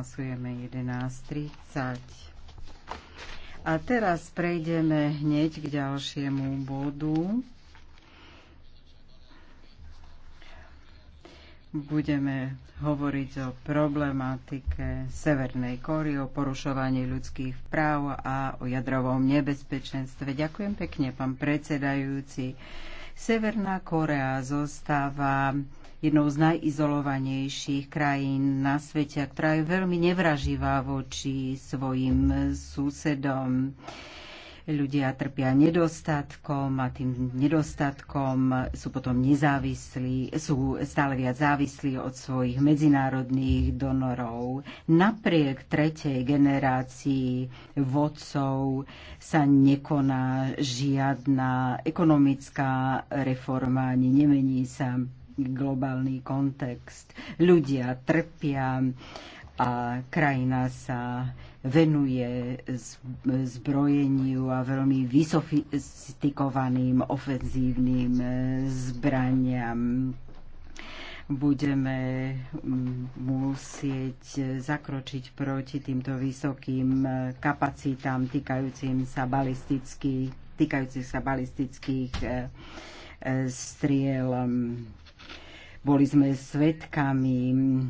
odhlasujeme 11.30. A teraz prejdeme hneď k ďalšiemu bodu. Budeme hovoriť o problematike Severnej Kóry, o porušovaní ľudských práv a o jadrovom nebezpečenstve. Ďakujem pekne, pán predsedajúci. Severná Korea zostáva jednou z najizolovanejších krajín na svete, ktorá je veľmi nevraživá voči svojim susedom ľudia trpia nedostatkom a tým nedostatkom sú potom nezávislí, sú stále viac závislí od svojich medzinárodných donorov. Napriek tretej generácii vodcov sa nekoná žiadna ekonomická reforma, ani nemení sa globálny kontext. Ľudia trpia a krajina sa venuje zbrojeniu a veľmi vysofistikovaným ofenzívnym e, zbraniam. Budeme musieť zakročiť proti týmto vysokým e, kapacitám týkajúcim sa balistických, týkajúcich sa balistických e, striel. Boli sme svetkami eh,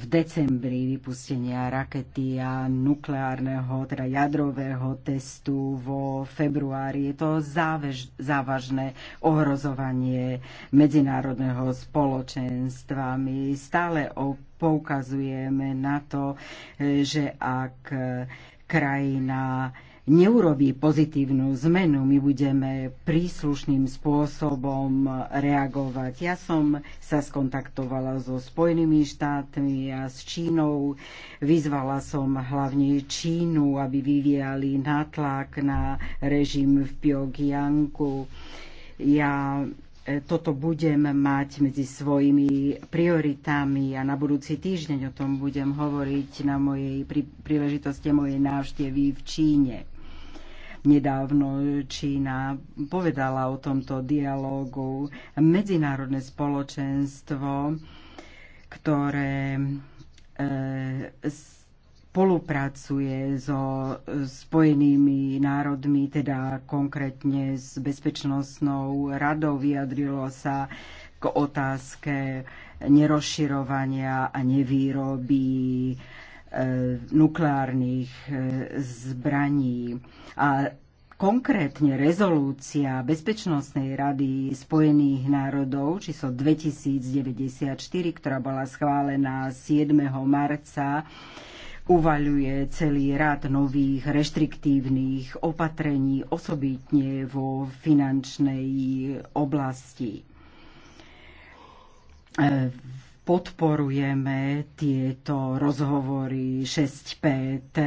v decembri vypustenia rakety a nukleárneho, teda jadrového testu vo februári. Je to závež, závažné ohrozovanie medzinárodného spoločenstva. My stále poukazujeme na to, eh, že ak eh, krajina neurobí pozitívnu zmenu, my budeme príslušným spôsobom reagovať. Ja som sa skontaktovala so Spojenými štátmi a s Čínou. Vyzvala som hlavne Čínu, aby vyvíjali nátlak na režim v Pyongyangu. Ja e, toto budem mať medzi svojimi prioritami a na budúci týždeň o tom budem hovoriť na mojej pri, príležitosti mojej návštevy v Číne. Nedávno Čína povedala o tomto dialógu. Medzinárodné spoločenstvo, ktoré e, spolupracuje so Spojenými národmi, teda konkrétne s Bezpečnostnou radou, vyjadrilo sa k otázke nerozširovania a nevýroby E, nukleárnych e, zbraní. A konkrétne rezolúcia Bezpečnostnej rady Spojených národov číslo 2094, ktorá bola schválená 7. marca, uvaľuje celý rad nových reštriktívnych opatrení, osobitne vo finančnej oblasti. V e, podporujeme tieto rozhovory 6PT.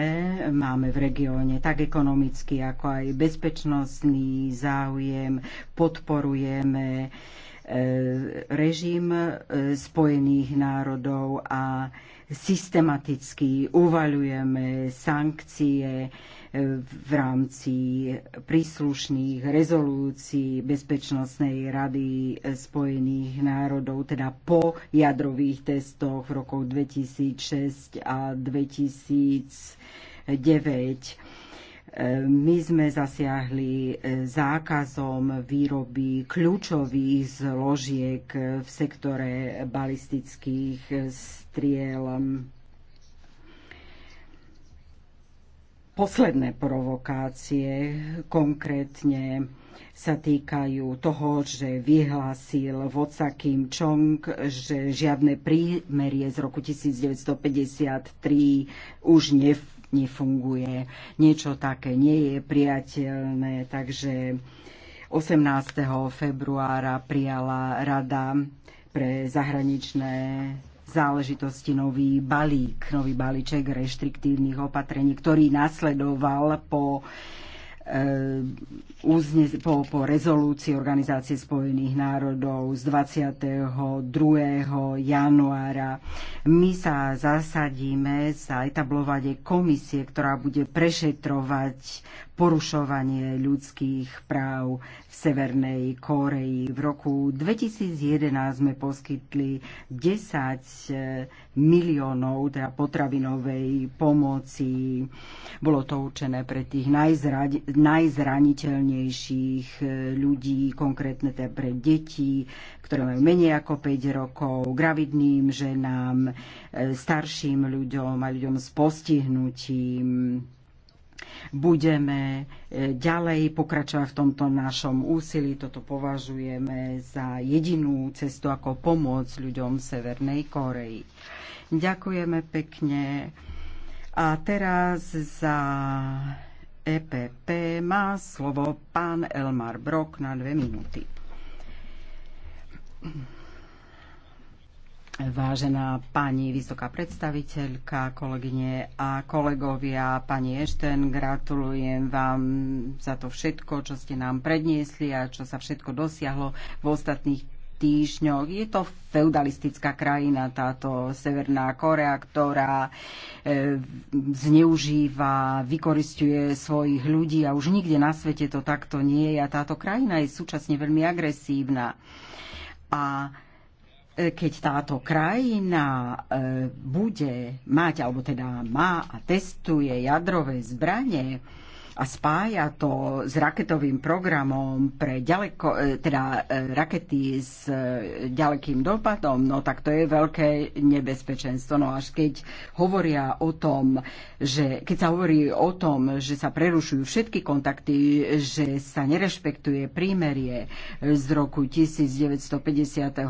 Máme v regióne tak ekonomický, ako aj bezpečnostný záujem. Podporujeme e, režim e, Spojených národov a systematicky uvaľujeme sankcie v rámci príslušných rezolúcií Bezpečnostnej rady Spojených národov, teda po jadrových testoch v rokoch 2006 a 2009. My sme zasiahli zákazom výroby kľúčových zložiek v sektore balistických striel posledné provokácie konkrétne sa týkajú toho, že vyhlásil vodca Kim Chong, že žiadne prímerie z roku 1953 už nefunguje. Niečo také nie je priateľné, takže 18. februára prijala Rada pre zahraničné záležitosti nový balík, nový balíček reštriktívnych opatrení, ktorý nasledoval po eh, po, po rezolúcii Organizácie spojených národov z 22. januára. My sa zasadíme za etablovanie komisie, ktorá bude prešetrovať porušovanie ľudských práv v Severnej Kóreji. V roku 2011 sme poskytli 10 e, miliónov teda potravinovej pomoci. Bolo to určené pre tých najzra- najzraniteľnejších e, ľudí, konkrétne teda pre deti, ktoré majú menej ako 5 rokov, gravidným ženám, e, starším ľuďom a ľuďom s postihnutím budeme e, ďalej pokračovať v tomto našom úsilí. Toto považujeme za jedinú cestu, ako pomôcť ľuďom Severnej Koreji. Ďakujeme pekne. A teraz za EPP má slovo pán Elmar Brok na dve minúty. Vážená pani vysoká predstaviteľka, kolegyne a kolegovia, pani Ešten, gratulujem vám za to všetko, čo ste nám predniesli a čo sa všetko dosiahlo v ostatných týždňoch. Je to feudalistická krajina, táto Severná Korea, ktorá e, zneužíva, vykoristuje svojich ľudí a už nikde na svete to takto nie je. A táto krajina je súčasne veľmi agresívna. A keď táto krajina e, bude mať, alebo teda má a testuje jadrové zbranie, a spája to s raketovým programom pre ďaleko, e, teda e, rakety s e, ďalekým dopadom, no tak to je veľké nebezpečenstvo. No až keď hovoria o tom, že keď sa hovorí o tom, že sa prerušujú všetky kontakty, že sa nerešpektuje prímerie z roku 1953,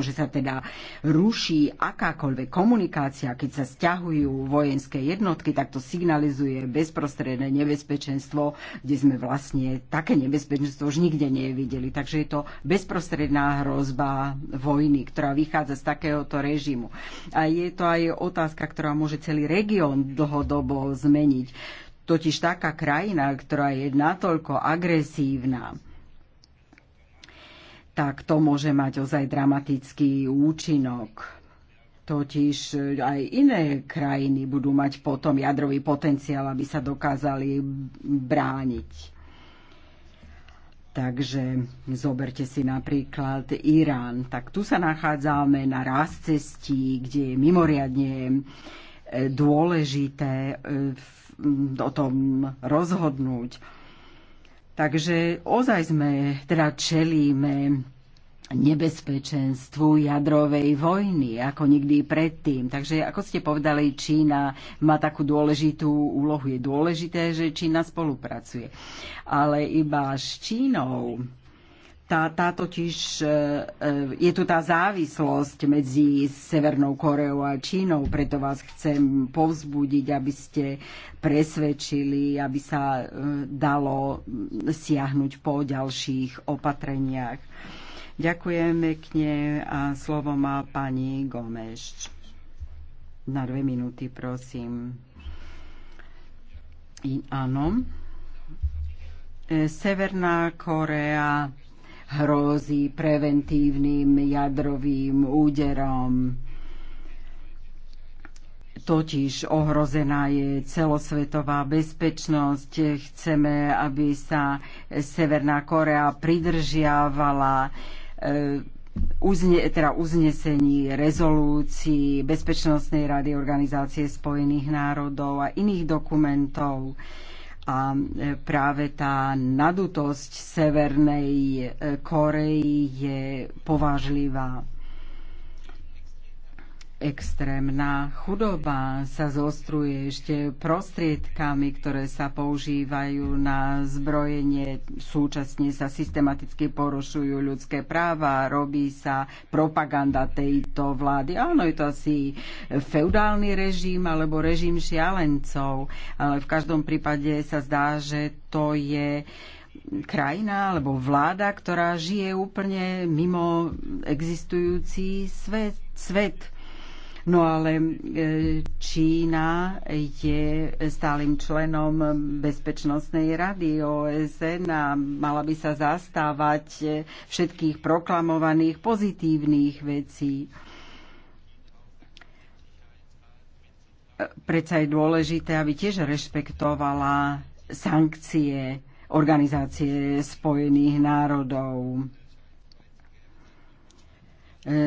že sa teda ruší akákoľvek komunikácia, keď sa stiahujú vojenské jednotky, tak to signalizuje bezprostredné nebezpečenstvo nebezpečenstvo, kde sme vlastne také nebezpečenstvo už nikde nevideli. Takže je to bezprostredná hrozba vojny, ktorá vychádza z takéhoto režimu. A je to aj otázka, ktorá môže celý región dlhodobo zmeniť. Totiž taká krajina, ktorá je natoľko agresívna, tak to môže mať ozaj dramatický účinok Totiž eh, aj iné krajiny budú mať potom jadrový potenciál, aby sa dokázali brániť. Takže zoberte si napríklad Irán. Tak tu sa nachádzame na raz cestí, kde je mimoriadne eh, dôležité eh, o tom rozhodnúť. Takže ozaj sme, teda čelíme nebezpečenstvu jadrovej vojny ako nikdy predtým. Takže ako ste povedali, Čína má takú dôležitú úlohu. Je dôležité, že Čína spolupracuje. Ale iba s Čínou tá, tá totiž, e, e, je tu tá závislosť medzi Severnou Koreou a Čínou, preto vás chcem povzbudiť, aby ste presvedčili, aby sa e, dalo siahnuť po ďalších opatreniach. Ďakujem pekne a slovo má pani Gomeš. Na dve minúty, prosím. I, áno. E, Severná Korea hrozí preventívnym jadrovým úderom. Totiž ohrozená je celosvetová bezpečnosť. Chceme, aby sa Severná Korea pridržiavala E, teda uznesení, rezolúcií Bezpečnostnej rady Organizácie spojených národov a iných dokumentov. A e, práve tá nadutosť Severnej e, Koreji je povážlivá. Extrémna chudoba sa zostruje ešte prostriedkami, ktoré sa používajú na zbrojenie. Súčasne sa systematicky porušujú ľudské práva, robí sa propaganda tejto vlády. Áno, je to asi feudálny režim alebo režim šialencov, ale v každom prípade sa zdá, že to je krajina alebo vláda, ktorá žije úplne mimo existujúci svet. svet. No ale e, Čína je stálym členom Bezpečnostnej rady OSN a mala by sa zastávať e, všetkých proklamovaných pozitívnych vecí. Predsa je dôležité, aby tiež rešpektovala sankcie Organizácie spojených národov.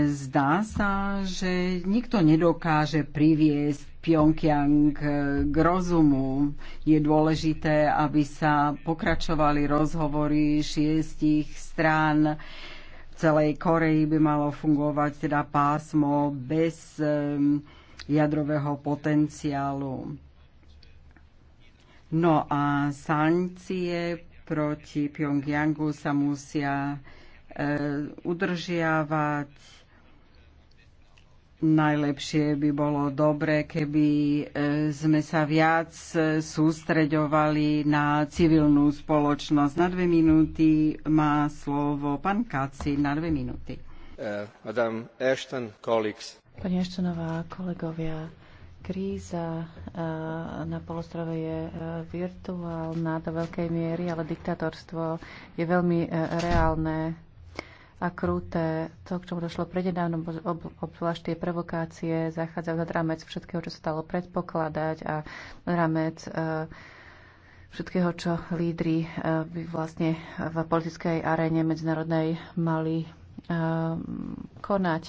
Zdá sa, že nikto nedokáže priviesť Pyongyang eh, k rozumu. Je dôležité, aby sa pokračovali rozhovory šiestich strán. V celej Koreji by malo fungovať teda pásmo bez jadrového potenciálu. No a sankcie proti Pyongyangu sa musia Eh, udržiavať. Najlepšie by bolo dobre, keby eh, sme sa viac eh, sústreďovali na civilnú spoločnosť. Na dve minúty má slovo pán Kaci. Na dve minúty. Ashton, colleagues. Pani Eštonová, kolegovia, kríza na polostrove je virtuálna do veľkej miery, ale diktatorstvo je veľmi reálne a kruté. To, k čomu došlo prededávno, obzvlášť tie provokácie, zachádzajú nad rámec všetkého, čo sa dalo predpokladať a rámec e, všetkého, čo lídry e, by vlastne v politickej aréne medzinárodnej mali e, konať.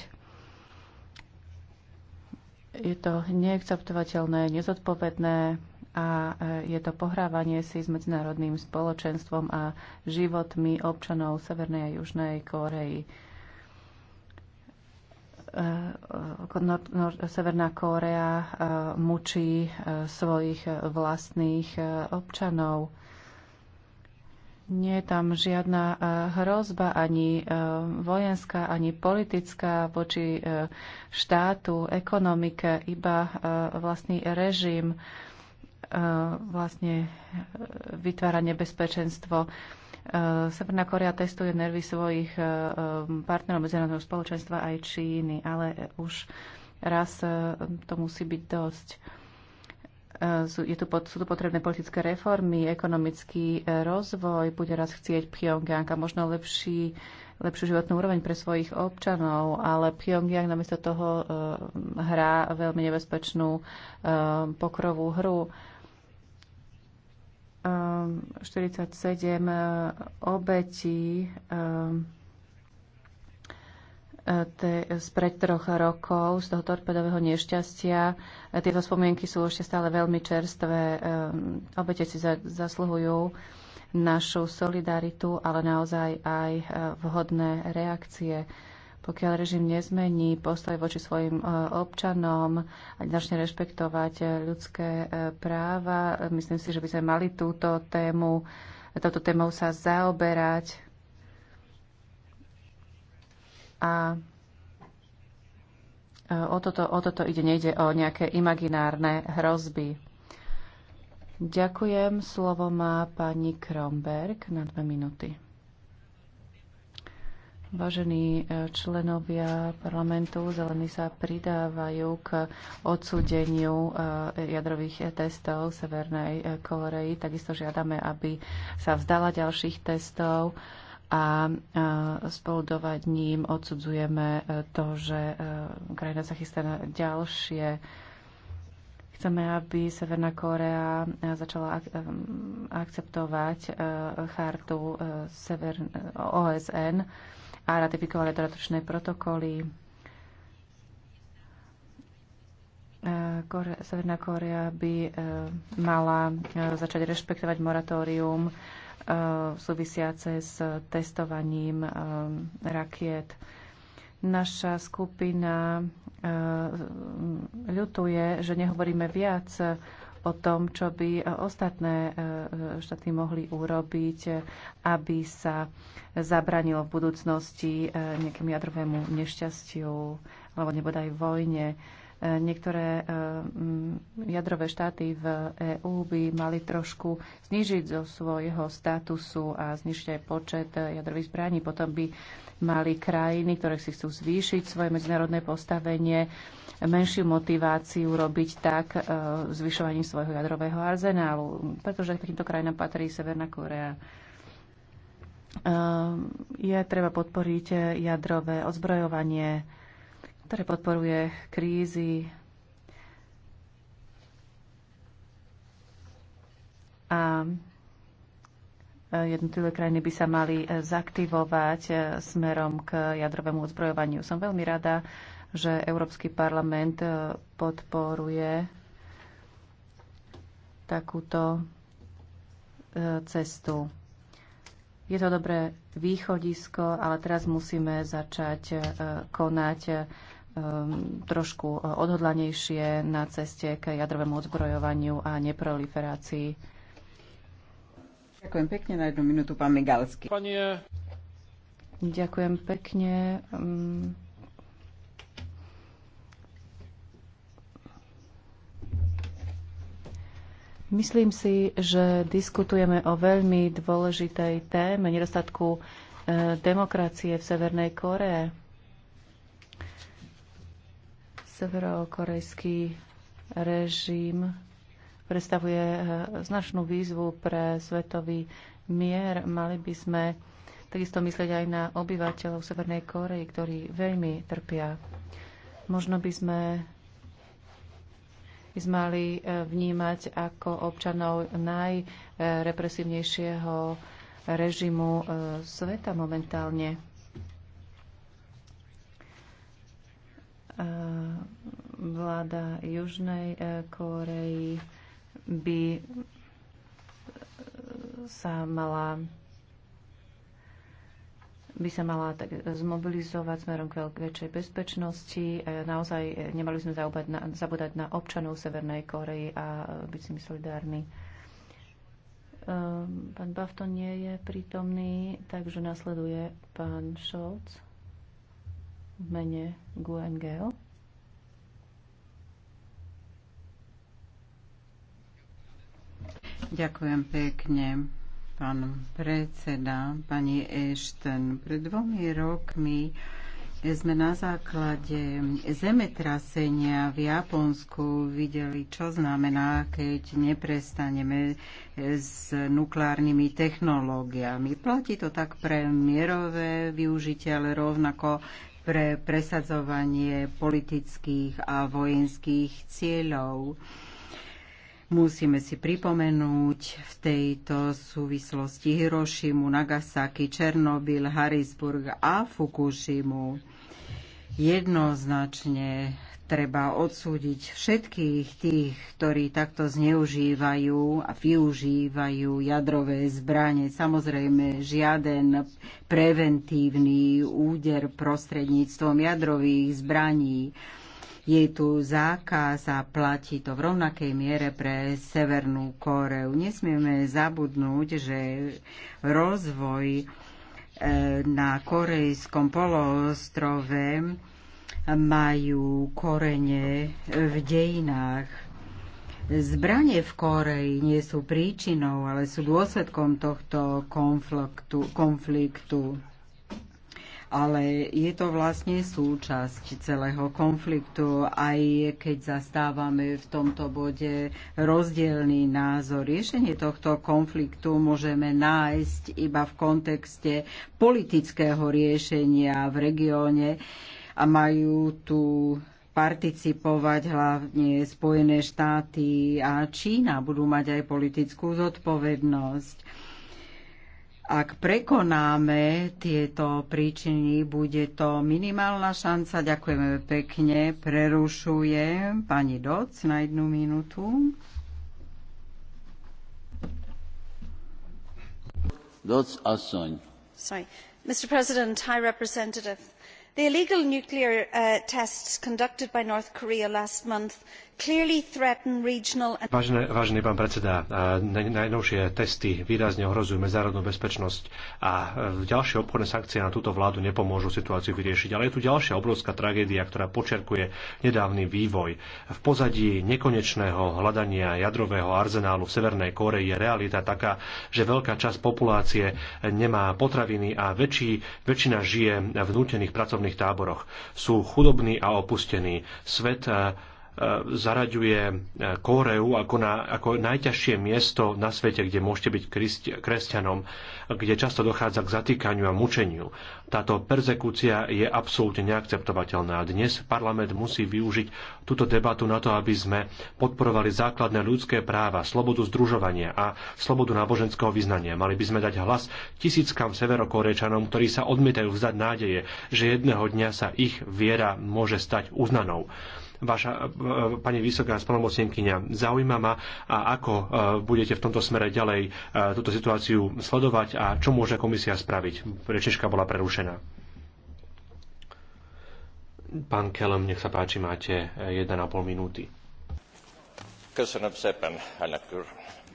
Je to neakceptovateľné, nezodpovedné, a e, je to pohrávanie si s medzinárodným spoločenstvom a životmi občanov Severnej a Južnej Kóreji. E, e, Severná Kórea mučí svojich vlastných občanov. Nie je tam žiadna hrozba ani vojenská, ani politická voči štátu, ekonomike, iba vlastný režim E, vlastne e, vytvára nebezpečenstvo. E, Severná Korea testuje nervy svojich partnerov medzinárodného spoločenstva aj Číny, ale už raz to musí byť dosť. Je tu, sú tu potrebné politické reformy, ekonomický rozvoj, bude raz chcieť Pyongyang a možno lepší, lepšiu životnú úroveň pre svojich občanov, ale Pyongyang namiesto toho hrá veľmi nebezpečnú pokrovú hru 47 ehm, eh, obetí eh, eh, spred troch rokov z toho torpedového nešťastia. Tieto spomienky sú ešte stále veľmi čerstvé. Ehm, obete si zasluhujú našu solidaritu, ale naozaj aj vhodné reakcie. Pokiaľ režim nezmení postoj voči svojim e, občanom a začne rešpektovať e, ľudské e, práva, myslím si, že by sme mali túto tému, touto témou sa zaoberať a O toto, o toto ide, nejde o nejaké imaginárne hrozby. Ďakujem. Slovo má pani Kromberg na dve minúty. Vážení e, členovia parlamentu, zelení sa pridávajú k odsúdeniu e, jadrových testov Severnej e, Koreji. Takisto žiadame, aby sa vzdala ďalších testov a ním odsudzujeme to, že krajina sa chystá na ďalšie Chceme, aby Severná Kórea začala ak- akceptovať chartu Sever- OSN a ratifikovali dodatočné protokoly. E, Kore, Severná Kórea by e, mala e, začať rešpektovať moratórium súvisiace s testovaním rakiet. Naša skupina ľutuje, že nehovoríme viac o tom, čo by e, ostatné e, e, štáty mohli urobiť, aby sa zabranilo v budúcnosti nejakému jadrovému nešťastiu alebo nebodaj vojne. Niektoré e, jadrové štáty v EÚ by mali trošku znižiť zo svojho statusu a znižiť aj počet e, jadrových zbraní. Potom by mali krajiny, ktoré si chcú zvýšiť svoje medzinárodné postavenie, menšiu motiváciu robiť tak e, zvyšovaním svojho jadrového arzenálu, pretože k takýmto krajinám patrí Severná Korea je treba podporiť jadrové ozbrojovanie ktoré podporuje krízy a jednotlivé krajiny by sa mali zaktivovať smerom k jadrovému odzbrojovaniu. Som veľmi rada, že Európsky parlament podporuje takúto e, cestu. Je to dobré východisko, ale teraz musíme začať e, konať Um, trošku uh, odhodlanejšie na ceste k jadrovému odzbrojovaniu a neproliferácii. Ďakujem pekne. Na jednu minútu pán Migalsky. Panie... Ďakujem pekne. Um, myslím si, že diskutujeme o veľmi dôležitej téme nedostatku uh, demokracie v Severnej Koree. Severokorejský režim predstavuje eh, značnú výzvu pre svetový mier. Mali by sme takisto myslieť aj na obyvateľov Severnej Korei, ktorí veľmi trpia. Možno by sme by sme mali eh, vnímať ako občanov najrepresívnejšieho režimu eh, sveta momentálne. vláda Južnej e, Kóreji by e, sa mala by sa mala tak zmobilizovať smerom k väčšej bezpečnosti. E, naozaj nemali sme na, zabúdať na občanov Severnej Korei a byť s nimi solidárni. Pán Bafton nie je prítomný, takže nasleduje pán Scholz v mene Guengel. Ďakujem pekne, pán predseda, pani Ešten. Pred dvomi rokmi sme na základe zemetrasenia v Japonsku videli, čo znamená, keď neprestaneme s nukleárnymi technológiami. Platí to tak pre mierové využitie, ale rovnako pre presadzovanie politických a vojenských cieľov. Musíme si pripomenúť v tejto súvislosti Hirošimu, Nagasaki, Černobyl, Harrisburg a Fukushimu. Jednoznačne Treba odsúdiť všetkých tých, ktorí takto zneužívajú a využívajú jadrové zbranie. Samozrejme, žiaden preventívny úder prostredníctvom jadrových zbraní. Je tu zákaz a platí to v rovnakej miere pre Severnú Koreu. Nesmieme zabudnúť, že rozvoj eh, na korejskom poloostrove majú korene v dejinách. Zbranie v Koreji nie sú príčinou, ale sú dôsledkom tohto konfliktu. konfliktu. Ale je to vlastne súčasť celého konfliktu, aj keď zastávame v tomto bode rozdielný názor. Riešenie tohto konfliktu môžeme nájsť iba v kontexte politického riešenia v regióne, a majú tu participovať hlavne Spojené štáty a Čína budú mať aj politickú zodpovednosť. Ak prekonáme tieto príčiny, bude to minimálna šanca. Ďakujeme pekne. Prerušujem pani Doc na jednu minútu. Doc Assoň. Sorry. Mr. President, High Representative the illegal nuclear uh, tests conducted by north korea last month Vážený, pán predseda, najnovšie testy výrazne ohrozujú medzinárodnú bezpečnosť a e, ďalšie obchodné sankcie na túto vládu nepomôžu situáciu vyriešiť. Ale je tu ďalšia obrovská tragédia, ktorá počerkuje nedávny vývoj. V pozadí nekonečného hľadania jadrového arzenálu v Severnej Kórei je realita taká, že veľká časť populácie nemá potraviny a väčší, väčšina žije v nútených pracovných táboroch. Sú chudobní a opustení. Svet e, zaraďuje eh, Kóreu ako, na, ako najťažšie miesto na svete, kde môžete byť kresťanom, kde často dochádza k zatýkaniu a mučeniu. Táto perzekúcia je absolútne neakceptovateľná. Dnes parlament musí využiť túto debatu na to, aby sme podporovali základné ľudské práva, slobodu združovania a slobodu náboženského vyznania. Mali by sme dať hlas tisíckam severokorečanom, ktorí sa odmietajú vzdať nádeje, že jedného dňa sa ich viera môže stať uznanou vaša e, e, pani vysoká spolomocnenkyňa. Zaujíma ma, a ako e, budete v tomto smere ďalej túto situáciu sledovať a čo môže komisia spraviť. Rečeška bola prerušená. Pán Kelem, nech sa páči, máte 1,5 minúty. Köszönöm szépen, elnök úr.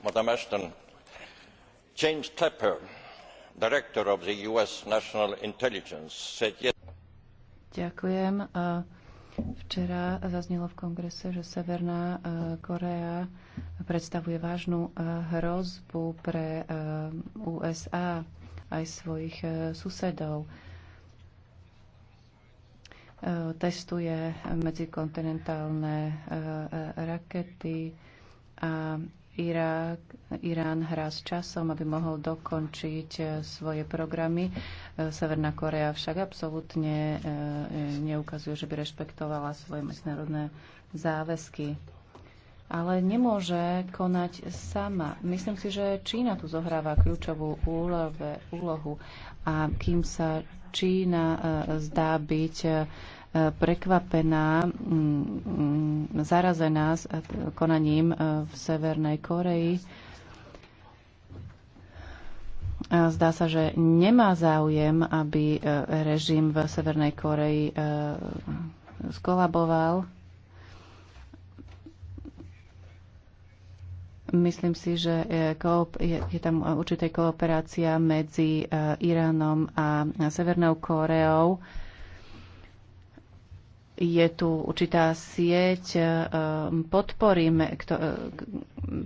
Madam Ashton, James Clapper, director of the US National Intelligence, said yes. Ďakujem. Uh, Včera zaznelo v kongrese, že Severná eh, Korea predstavuje vážnu eh, hrozbu pre eh, USA aj svojich susedov. Testuje medzikontinentálne rakety a Irák, Irán hrá s časom, aby mohol dokončiť e, svoje programy. E, Severná Korea však absolútne e, neukazuje, že by rešpektovala svoje medzinárodné záväzky. Ale nemôže konať sama. Myslím si, že Čína tu zohráva kľúčovú úlohu a kým sa Čína zdá byť prekvapená, mm, mm, zarazená s e, konaním e, v Severnej Koreji. Zdá sa, že nemá záujem, aby e, režim v Severnej Koreji skolaboval. Myslím si, že je tam určitá kooperácia medzi Iránom a Severnou Kóreou je tu určitá sieť e, podpory e,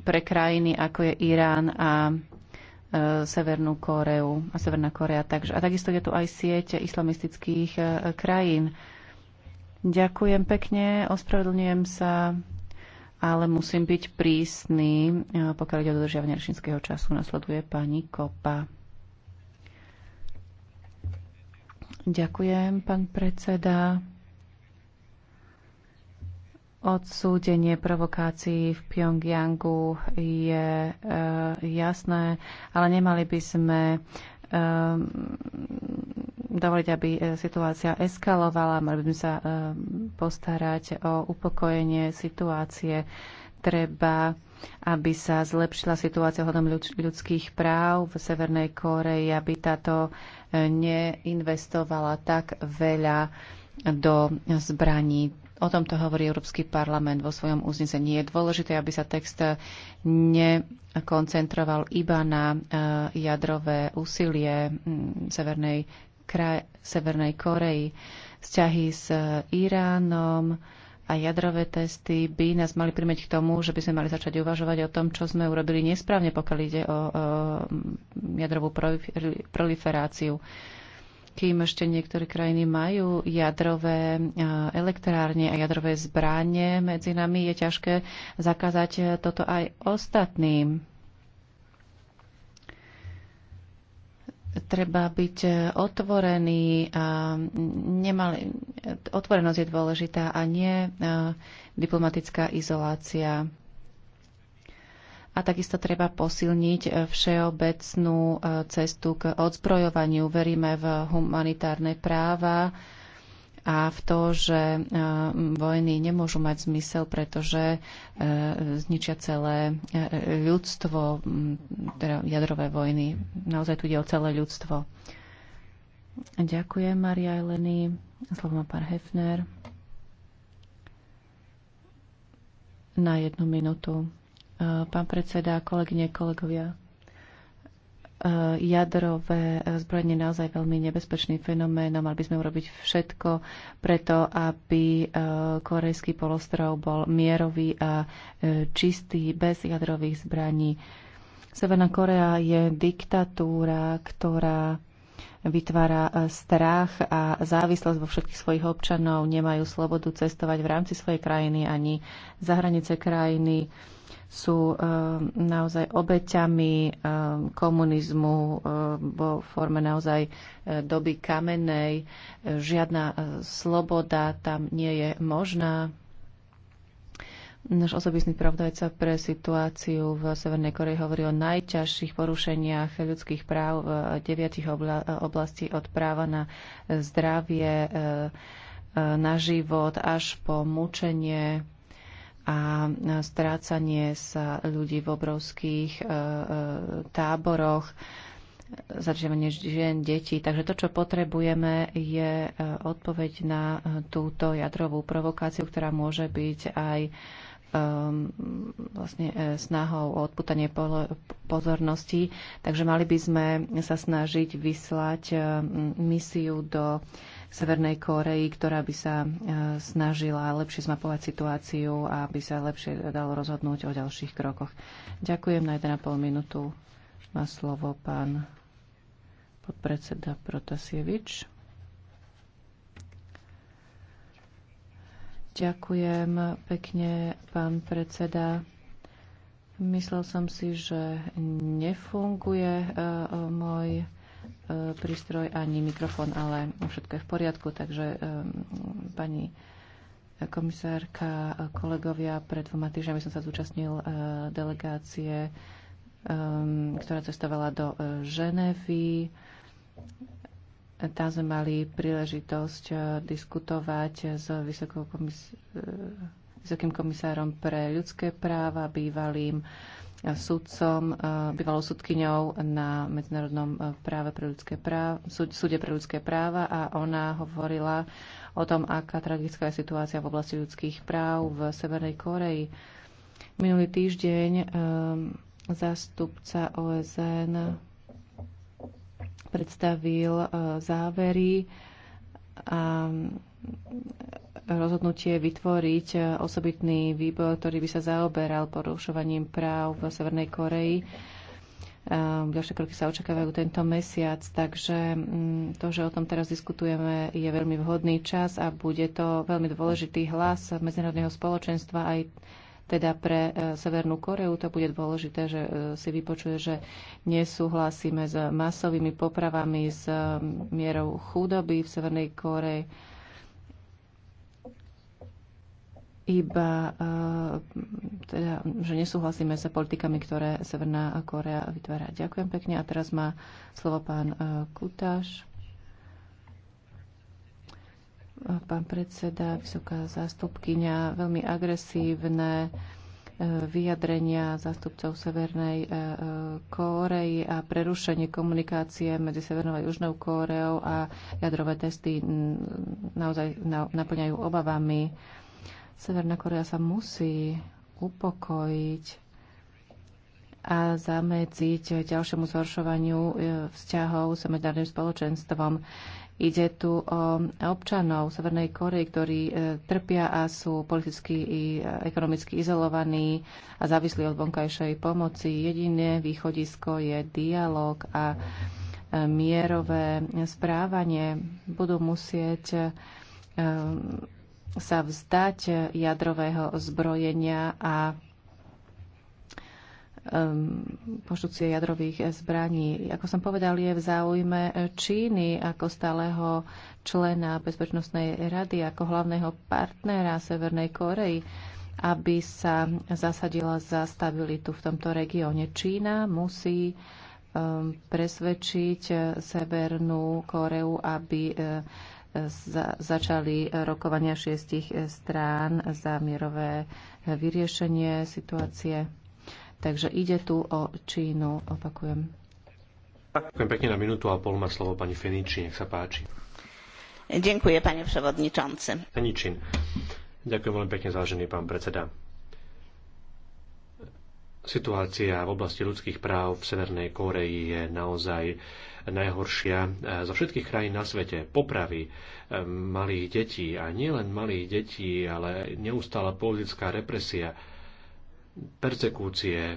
pre krajiny ako je Irán a e, Severnú Koreu a Severná Korea. Takže, a takisto je tu aj sieť islamistických krajín. Ďakujem pekne, ospravedlňujem sa, ale musím byť prísny, pokiaľ ide o dodržiavanie rečníckého času. Nasleduje pani Kopa. Ďakujem, pán predseda. Odsúdenie provokácií v Pyongyangu je e, jasné, ale nemali by sme e, dovoliť, aby eh, situácia eskalovala. Mali by sme sa e, postarať o upokojenie situácie. Treba, aby sa zlepšila situácia hodom ľudských práv v Severnej Kóreji, aby táto neinvestovala tak veľa do zbraní O tomto hovorí Európsky parlament vo svojom uznesení. Je dôležité, aby sa text nekoncentroval iba na eh, jadrové úsilie mm, Severnej, kraj, Severnej Koreji. Vzťahy s eh, Iránom a jadrové testy by nás mali primeť k tomu, že by sme mali začať uvažovať o tom, čo sme urobili nesprávne, pokiaľ ide o, o eh, jadrovú proliferáciu kým ešte niektoré krajiny majú jadrové e, elektrárne a jadrové zbranie medzi nami, je ťažké zakázať toto aj ostatným. Treba byť otvorený a nemali, otvorenosť je dôležitá a nie e, diplomatická izolácia a takisto treba posilniť eh, všeobecnú eh, cestu k odzbrojovaniu. Veríme v humanitárne práva a v to, že eh, vojny nemôžu mať zmysel, pretože zničia celé ľudstvo, hm, teda jadrové vojny. Naozaj tu ide o celé ľudstvo. Ďakujem, Maria Eleny. Slovo má pán Hefner. Na jednu minútu. Eh, pán predseda, kolegyne, kolegovia, eh, jadrové eh, zbrojenie naozaj veľmi nebezpečný fenomén a mali by sme urobiť všetko preto, aby korejský polostrov bol mierový a čistý, bez jadrových zbraní. Severná Korea je diktatúra, ktorá vytvára e, strach a závislosť vo všetkých svojich občanov, nemajú slobodu cestovať v rámci svojej krajiny ani za hranice krajiny, sú e, naozaj obeťami e, komunizmu vo forme naozaj doby kamenej. Žiadna sloboda tam nie je možná. Náš osobistný pravdajca pre situáciu v Severnej Korei hovorí o najťažších porušeniach ľudských práv v eh, deviatich eh, oblasti od práva na eh, zdravie, na život až po mučenie a strácanie sa ľudí v obrovských táboroch zadržiavanie žien, detí. Takže to, čo potrebujeme, je odpoveď na túto jadrovú provokáciu, ktorá môže byť aj Um, vlastne e, snahou o odputanie pozornosti. Takže mali by sme sa snažiť vyslať e, misiu do Severnej Koreji, ktorá by sa e, snažila lepšie zmapovať situáciu a aby sa lepšie dalo rozhodnúť o ďalších krokoch. Ďakujem na 1,5 minútu. Má slovo pán podpredseda Protasievič. Ďakujem pekne, pán predseda. Myslel som si, že nefunguje e, môj e, prístroj ani mikrofón, ale všetko je v poriadku, takže e, pani komisárka, kolegovia, pred dvoma týždňami som sa zúčastnil delegácie, ktorá cestovala do Ženevy tam sme mali príležitosť eh, diskutovať s eh, vysokým komisárom pre ľudské práva, bývalým eh, sudcom, bývalou sudkyňou na Medzinárodnom práve pre ľudské práva, súde pre ľudské práva a ona hovorila o tom, aká tragická je situácia v oblasti ľudských práv v Severnej Koreji. Minulý týždeň zástupca OSN predstavil e, závery a rozhodnutie vytvoriť e, osobitný výbor, ktorý by sa zaoberal porušovaním práv v Severnej Koreji. E, ďalšie kroky sa očakávajú tento mesiac, takže mm, to, že o tom teraz diskutujeme, je veľmi vhodný čas a bude to veľmi dôležitý hlas medzinárodného spoločenstva aj teda pre e, Severnú Koreu to bude dôležité, že e, si vypočuje, že nesúhlasíme s masovými popravami, s e, mierou chudoby v Severnej Koreji. iba teda, že nesúhlasíme sa politikami, ktoré Severná Korea vytvára. Ďakujem pekne. A teraz má slovo pán Kutáš pán predseda, vysoká zástupkyňa, veľmi agresívne e, vyjadrenia zástupcov Severnej e, e, Kórei a prerušenie komunikácie medzi Severnou a Južnou Kóreou a jadrové testy naozaj naplňajú obavami. Severná Korea sa musí upokojiť a zamedziť ďalšiemu zhoršovaniu vzťahov s medzinárodným spoločenstvom. Ide tu o občanov Severnej Korei, ktorí e, trpia a sú politicky i e, ekonomicky izolovaní a závislí od vonkajšej pomoci. Jediné východisko je dialog a e, mierové správanie. Budú musieť sa vzdať jadrového zbrojenia a poštúcie jadrových zbraní. Ako som povedal, je v záujme Číny ako stáleho člena Bezpečnostnej rady, ako hlavného partnera Severnej Korei, aby sa zasadila za stabilitu v tomto regióne. Čína musí presvedčiť Severnú Koreu, aby e, za, začali rokovania šiestich strán za mierové vyriešenie situácie. Takže ide tu o Čínu, opakujem. Ďakujem pekne na minútu a pol má slovo pani Feniči, nech sa páči. Ďakujem, pani prevodničance. Feničin. Ďakujem veľmi pekne, vážený pán predseda. Situácia v oblasti ľudských práv v Severnej Koreji je naozaj najhoršia e, zo všetkých krajín na svete. Popravy e, malých detí a nielen malých detí, ale neustála politická represia persekúcie, e,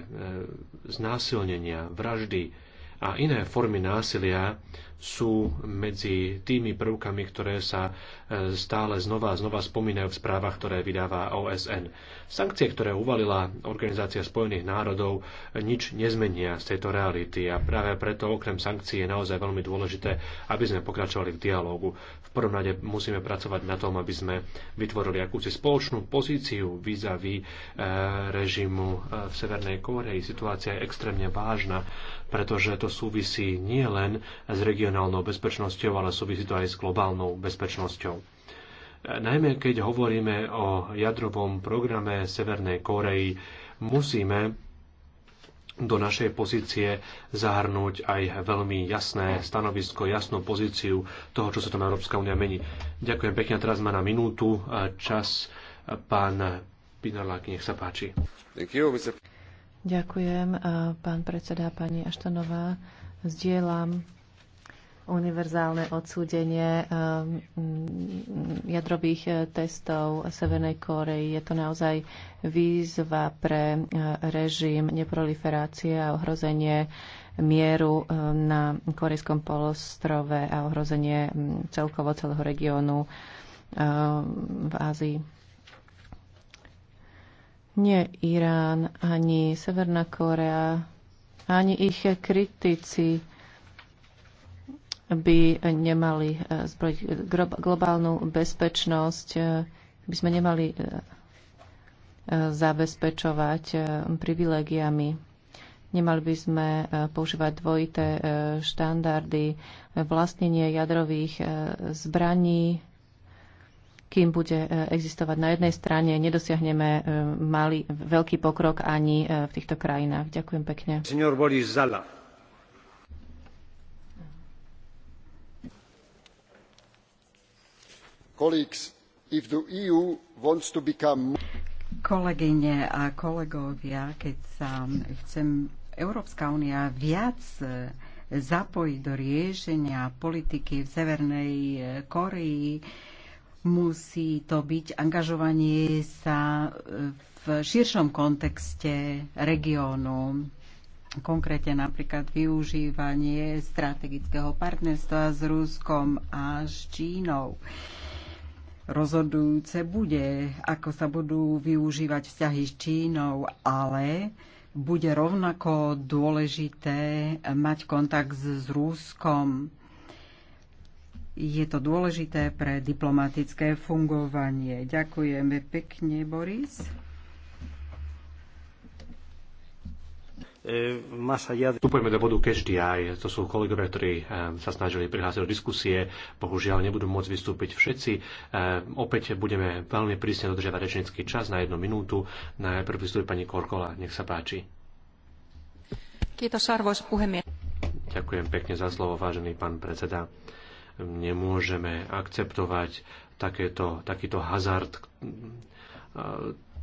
znásilnenia, vraždy, a iné formy násilia sú medzi tými prvkami, ktoré sa e, stále znova a znova spomínajú v správach, ktoré vydáva OSN. Sankcie, ktoré uvalila Organizácia spojených národov, nič nezmenia z tejto reality a práve preto okrem sankcií je naozaj veľmi dôležité, aby sme pokračovali v dialógu. V prvom rade musíme pracovať na tom, aby sme vytvorili akúsi spoločnú pozíciu vis-a-vis e, režimu e, v Severnej Kórei. Situácia je extrémne vážna pretože to súvisí nie len s regionálnou bezpečnosťou, ale súvisí to aj s globálnou bezpečnosťou najmä keď hovoríme o jadrovom programe Severnej Koreji, musíme do našej pozície zahrnúť aj veľmi jasné stanovisko, jasnú pozíciu toho, čo sa tam Európska únia mení. Ďakujem pekne, teraz má na minútu eh, čas eh, pán Pinarlák, nech sa páči. You, Ďakujem, pán predseda, pani Aštanová. Zdieľam univerzálne odsúdenie ehm, jadrových e, testov Severnej Kórei. Je to naozaj výzva pre e, režim neproliferácie a ohrozenie mieru e, na Korejskom polostrove a ohrozenie celkovo celého regiónu v Ázii. Nie Irán, ani Severná Korea, ani ich kritici by nemali eh, zbrojiť globálnu bezpečnosť, eh, by sme nemali eh, zabezpečovať privilegiami. Nemali by sme používať dvojité štandardy, vlastnenie jadrových zbraní, kým bude e, existovať na jednej strane, nedosiahneme e, malý, veľký pokrok ani e, v týchto krajinách. Ďakujem pekne. Senior Boris Zala. Colleagues, if the EU wants to become... Kolegyne a kolegovia, keď sa chcem Európska únia viac zapojiť do riešenia politiky v Severnej Koreji, Musí to byť angažovanie sa v širšom kontexte regiónu, konkrétne napríklad využívanie strategického partnerstva s Ruskom a s Čínou. Rozhodujúce bude, ako sa budú využívať vzťahy s Čínou, ale bude rovnako dôležité mať kontakt s, Ruskom. Rúskom je to dôležité pre diplomatické fungovanie. Ďakujeme pekne, Boris. E, Vstupujeme do bodu každý aj. To sú kolegovia, ktorí e, sa snažili prihlásiť do diskusie. Bohužiaľ nebudú môcť vystúpiť všetci. E, opäť budeme veľmi prísne dodržiavať rečnícky čas na jednu minútu. Najprv vystúpi pani Korkola. Nech sa páči. Kiitos, arvoisa Ďakujem pekne za slovo, vážený pán predseda. Nemôžeme akceptovať takéto, takýto hazard,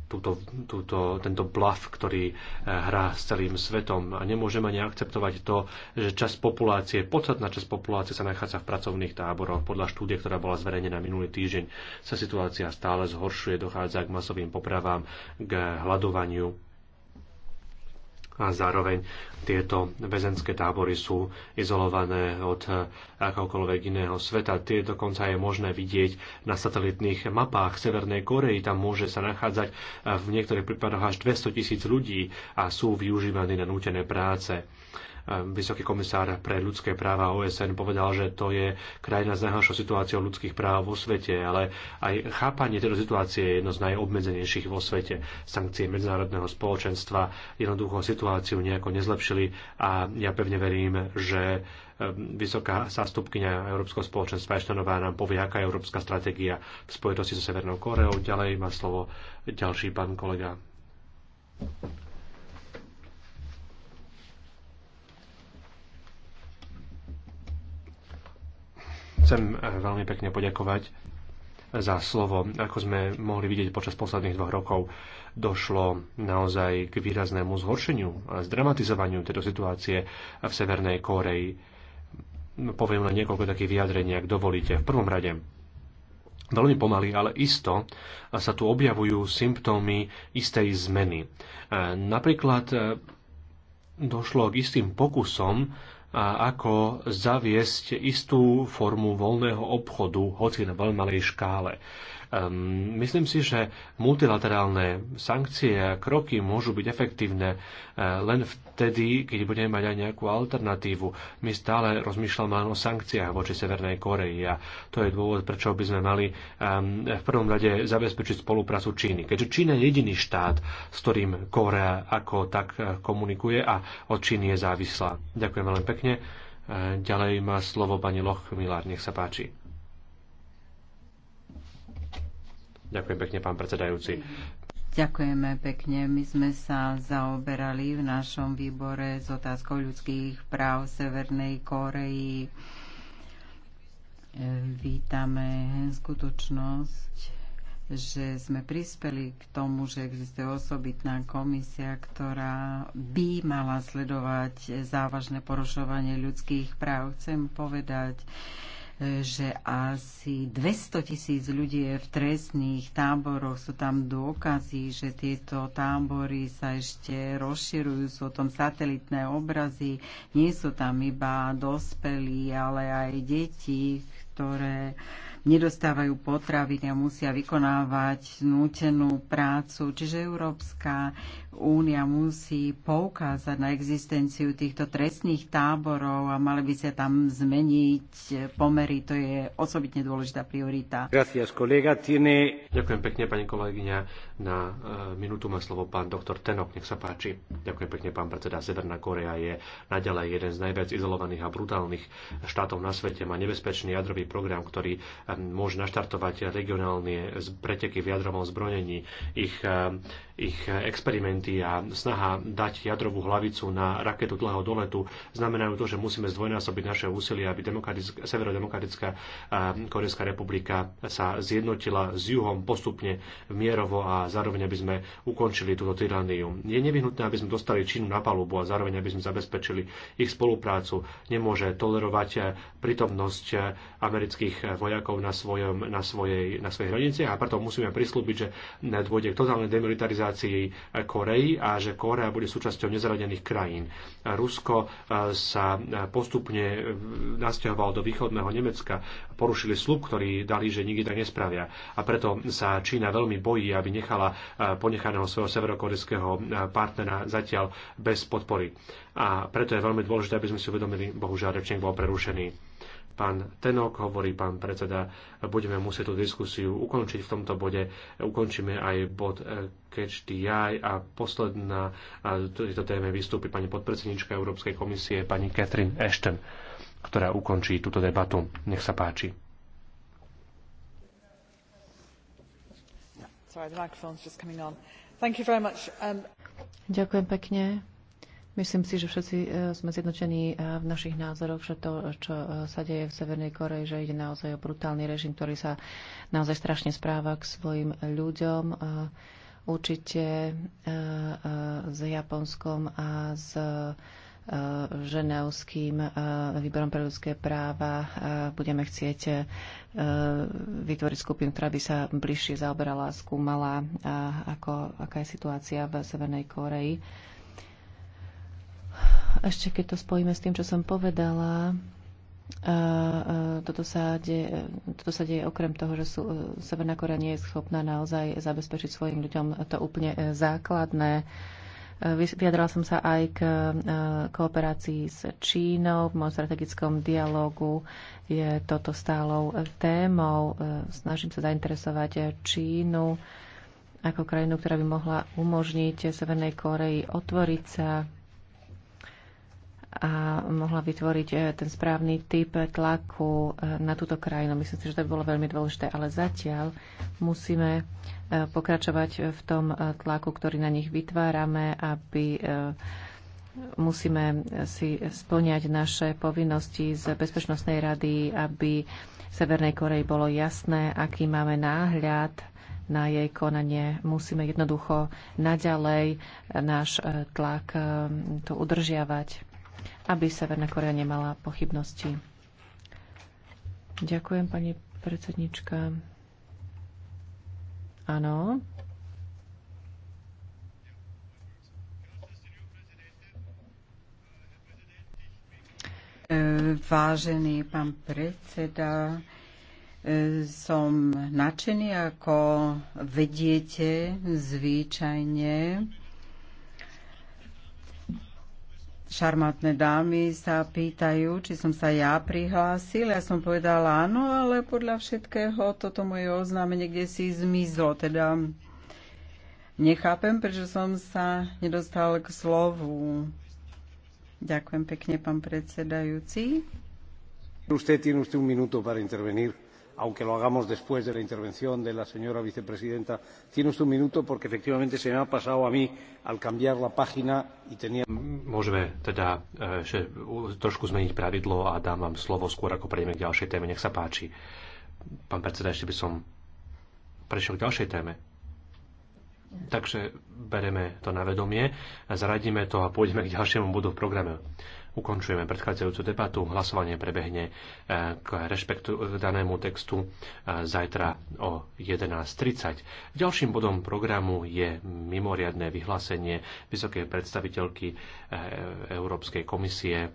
túto, túto, tento bluff, ktorý e, hrá s celým svetom. A nemôžeme ani akceptovať to, že časť populácie, podstatná časť populácie sa nachádza v pracovných táboroch. Podľa štúdie, ktorá bola zverejnená minulý týždeň, sa situácia stále zhoršuje, dochádza k masovým popravám, k hľadovaniu a zároveň tieto väzenské tábory sú izolované od eh, akokoľvek iného sveta. Tie dokonca je možné vidieť na satelitných mapách Severnej Korei. Tam môže sa nachádzať eh, v niektorých prípadoch až 200 tisíc ľudí a sú využívaní na nútené práce vysoký komisár pre ľudské práva OSN povedal, že to je krajina s najhoršou situáciou ľudských práv vo svete, ale aj chápanie tejto situácie je jedno z najobmedzenejších vo svete. Sankcie medzinárodného spoločenstva jednoducho situáciu nejako nezlepšili a ja pevne verím, že ehm, vysoká zástupkynia Európskeho spoločenstva Eštanová nám povie, aká je európska stratégia v spojitosti so Severnou Koreou. Ďalej má slovo ďalší pán kolega. Chcem eh, veľmi pekne poďakovať eh, za slovo. Ako sme mohli vidieť počas posledných dvoch rokov, došlo naozaj k výraznému zhoršeniu a zdramatizovaniu tejto situácie v Severnej Kóreji. Poviem len niekoľko takých vyjadrení, ak dovolíte. V prvom rade, Veľmi pomaly, ale isto eh, sa tu objavujú symptómy istej zmeny. Napríklad došlo k istým pokusom a ako zaviesť istú formu voľného obchodu, hoci na veľmi malej škále. Um, myslím si, že multilaterálne sankcie a kroky môžu byť efektívne uh, len vtedy, keď budeme mať aj nejakú alternatívu. My stále rozmýšľame len o sankciách voči Severnej Koreji a to je dôvod, prečo by sme mali um, v prvom rade zabezpečiť spoluprácu Číny. Keďže Čína je jediný štát, s ktorým Korea ako tak e, komunikuje a od Číny je závislá. Ďakujem veľmi pekne pekne. E, ďalej má slovo pani Loch Milár, nech sa páči. Ďakujem pekne, pán predsedajúci. Ďakujeme pekne. My sme sa zaoberali v našom výbore s otázkou ľudských práv Severnej Koreji. E, vítame skutočnosť, že sme prispeli k tomu, že existuje osobitná komisia, ktorá by mala sledovať závažné porušovanie ľudských práv. Chcem povedať, že asi 200 tisíc ľudí je v trestných táboroch. Sú tam dôkazy, že tieto tábory sa ešte rozširujú, sú tam satelitné obrazy. Nie sú tam iba dospelí, ale aj deti ktoré nedostávajú potraviny a musia vykonávať nútenú prácu. Čiže Európska únia musí poukázať na existenciu týchto trestných táborov a mali by sa tam zmeniť pomery. To je osobitne dôležitá priorita. Gracias, kolega. Tiene... Ďakujem pekne, pani kolegyňa. Na e, minútu má slovo pán doktor Tenok. Nech sa páči. Ďakujem pekne, pán predseda. Severná Korea je naďalej jeden z najviac izolovaných a brutálnych štátov na svete. Má nebezpečný jadrový program, ktorý eh, môže naštartovať regionálne preteky v jadrovom zbrojení, ich, eh, ich experimenty a snaha dať jadrovú hlavicu na raketu dlhého doletu znamenajú to, že musíme zdvojnásobiť naše úsilie, aby Severodemokratická eh, Korejská republika sa zjednotila s juhom postupne mierovo a zároveň aby sme ukončili túto tyraniu. Je nevyhnutné, aby sme dostali Čínu na palubu a zároveň aby sme zabezpečili ich spoluprácu. Nemôže tolerovať prítomnosť Ameriky amerických eh, vojakov na, svojom, na, svojej, na svojej hranici a preto musíme prislúbiť, že dôjde k totálnej demilitarizácii eh, Korei a že Korea bude súčasťou nezradených krajín. Rusko eh, sa postupne nasťahovalo do východného Nemecka, porušili slub, ktorý dali, že nikdy tak nespravia. A preto sa Čína veľmi bojí, aby nechala ponechaného svojho severokorejského partnera zatiaľ bez podpory. A preto je veľmi dôležité, aby sme si uvedomili, bohužiaľ, rečník bol prerušený pán Tenok, hovorí pán predseda, budeme musieť tú diskusiu ukončiť v tomto bode. Ukončíme aj bod eh, Catch the Eye a posledná eh, tejto téme vystúpi pani podpredsednička Európskej komisie, pani Catherine Ashton, ktorá ukončí túto debatu. Nech sa páči. Sorry, the microphone's just coming on. Thank you very much. Um... Ďakujem pekne. Myslím si, že všetci e, sme zjednotení e, v našich názoroch, že to, čo e, sa deje v Severnej Koreji, že ide naozaj o brutálny režim, ktorý sa naozaj strašne správa k svojim ľuďom. Určite s Japonskom a s ženevským výborom pre ľudské práva budeme chcieť vytvoriť skupinu, ktorá by sa bližšie zaoberala a skúmala, ako, aká je situácia v Severnej Koreji ešte keď to spojíme s tým, čo som povedala, toto sa, deje, toto sa deje okrem toho, že sú, e, Severná Korea nie je schopná naozaj zabezpečiť svojim ľuďom to úplne e, základné. E, Vyjadrala som sa aj k kooperácii s Čínou. V mojom strategickom dialogu je toto stálou témou. Snažím sa zainteresovať Čínu ako krajinu, ktorá by mohla umožniť Severnej Koreji otvoriť sa a mohla vytvoriť e, ten správny typ tlaku e, na túto krajinu. Myslím si, že to by bolo veľmi dôležité, ale zatiaľ musíme e, pokračovať v tom tlaku, ktorý na nich vytvárame, aby musíme si splňať naše povinnosti z Bezpečnostnej rady, aby Severnej Koreji bolo jasné, aký máme náhľad na jej konanie. Musíme jednoducho naďalej náš tlak tu udržiavať aby Severná Korea nemala pochybnosti. Ďakujem, pani predsednička. Áno. Vážený pán predseda, e, som nadšený, ako vediete zvyčajne šarmantné dámy sa pýtajú, či som sa ja prihlásil. Ja som povedala áno, ale podľa všetkého toto moje oznámenie kde si zmizlo. Teda nechápem, prečo som sa nedostal k slovu. Ďakujem pekne, pán predsedajúci. Usted tiene usted un minuto para intervenir aunque lo hagamos después de la intervención de la señora vicepresidenta. Tiene usted un minuto porque efectivamente se me ha pasado a mí al cambiar la página y tenía... Môžeme teda ešte eh, trošku zmeniť pravidlo a dám vám slovo skôr, ako prejdeme k ďalšej téme. Nech sa páči. Pán predseda, ešte by som prešiel k ďalšej téme. Takže bereme to na vedomie, zaradíme to a pôjdeme k ďalšiemu bodu v programe ukončujeme predchádzajúcu debatu. Hlasovanie prebehne e, k rešpektu k e, danému textu e, zajtra o 11.30. Ďalším bodom programu je mimoriadné vyhlásenie vysokej predstaviteľky Európskej komisie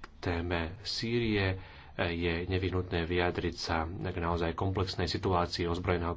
k téme Sýrie je nevyhnutné vyjadriť sa k naozaj komplexnej situácii ozbrojeného